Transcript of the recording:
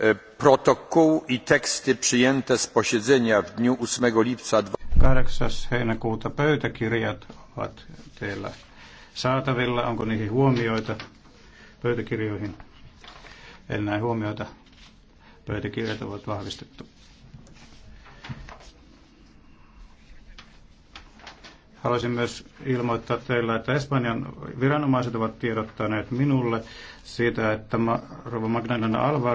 E, protokół i teksty przyjęte z posiedzenia w dniu 8 lipca 8. heinäkuuta pöytäkirjat ovat teillä saatavilla. Onko niihin huomioita pöytäkirjoihin? En näe huomioita. Pöytäkirjat ovat vahvistettu. Haluaisin myös ilmoittaa teillä, että Espanjan viranomaiset ovat tiedottaneet minulle siitä, että Rova Magdalena Alvar